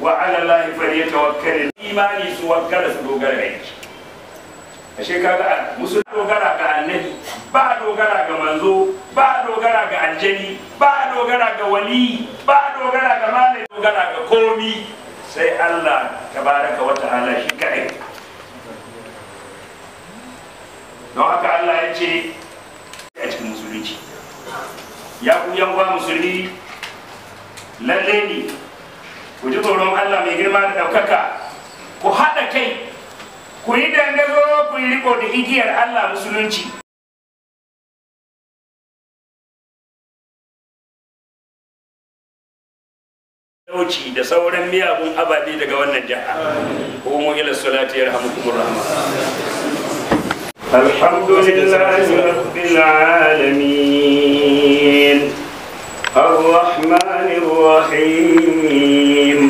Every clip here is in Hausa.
wa ala allahi falyatawakkal imani su wakkala su dogara ga shi ashe kaga musu dogara ga annabi ba dogara ga manzo ba dogara ga aljani ba dogara ga wali ba dogara ga malai ga komi sai Allah tabaraka wa ta'ala shi kadai don haka Allah ya ce a cikin musulunci ya ku yan musulmi lalle ne Don Allah mai girma da ɗaukaka ku haɗa kai ku yi dangazo ku yi riko da igiyar Allah musulunci dauci da sauran miyagun ababe daga wannan jaha ko mu ila salati yarhamukumur rahman لله رب العالمين الرحمن الرحيم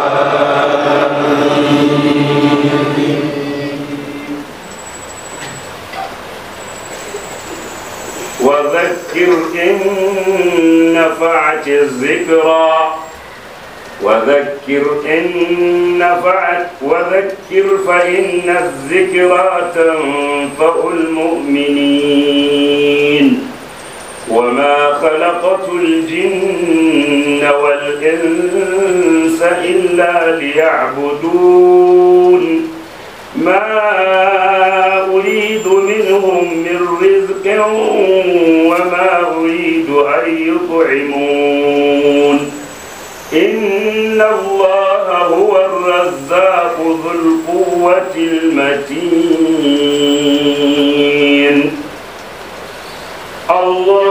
فذكر إن نفعت الذكرى وذكر إن نفعت وذكر فإن الذكرى تنفع المؤمنين وما خلقت الجن والإنس إلا ليعبدون ما أريد منهم من رزق وما أريد أن يطعمون إن الله هو الرزاق ذو القوة المتين الله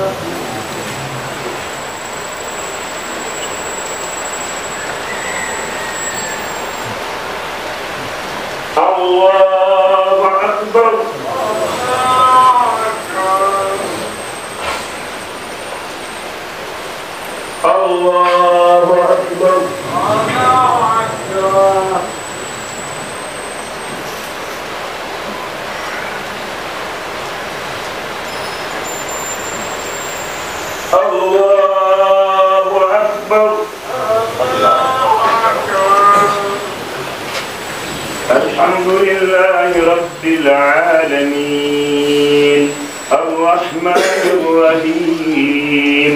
الله أكبر الله أكبر الحمد لله رب العالمين الرحمن الرحيم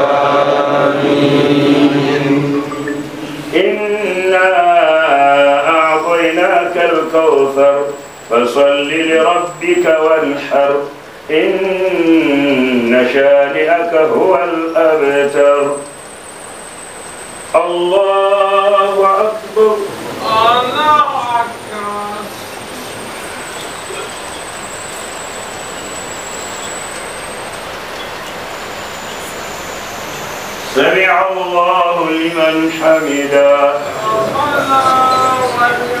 فصل لربك وانحر إن شانئك هو الأبتر الله أكبر الله أكبر سمع الله لمن حمده الله أكبر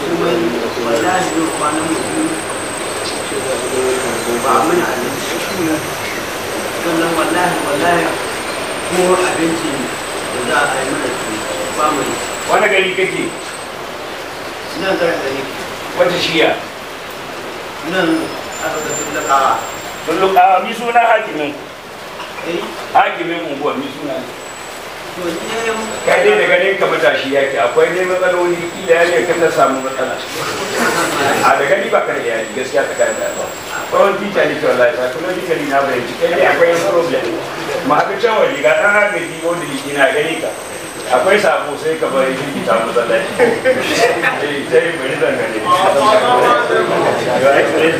musulmai wallahi zai kwanan musulmi ba muna abinci shi ne sannan wallahi wallahi ko abinci da za a yi mana su ba mu wani gari kake nan garin da wata shiya nan aka ga tullakawa tullakawa mi suna hakimin eh? hakimin unguwa mi suna ne kai dai da ganin ka matashi ke akwai ne matsaloli kila ya ne ka ta samu matsala a da gani ba kare yaji gaskiya ta kare da ba kawai tita ne kyau lafiya kuma tita ne na bayanci kai ne akwai yin problem ma haka can wani ga ɗan haka ji da jiki na gani ka akwai sabo sai ka bari shi ta matsala ta yi bari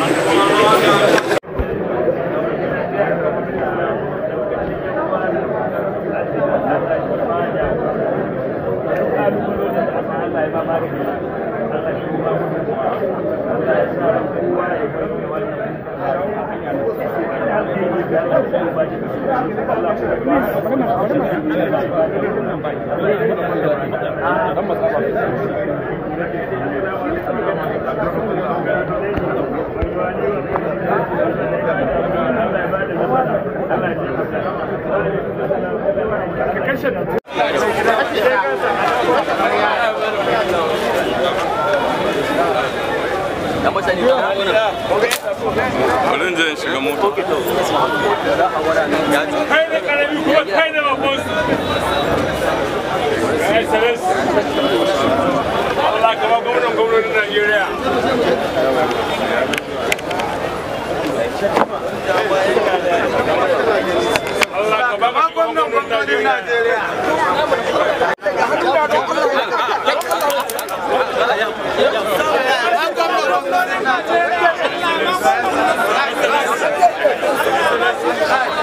zangane Allah ya Bari zan in shiga mota. Kai da karami kuma kai da Allah kama gwamnan Najeriya. Allah kama gwamnan Najeriya. Thank you.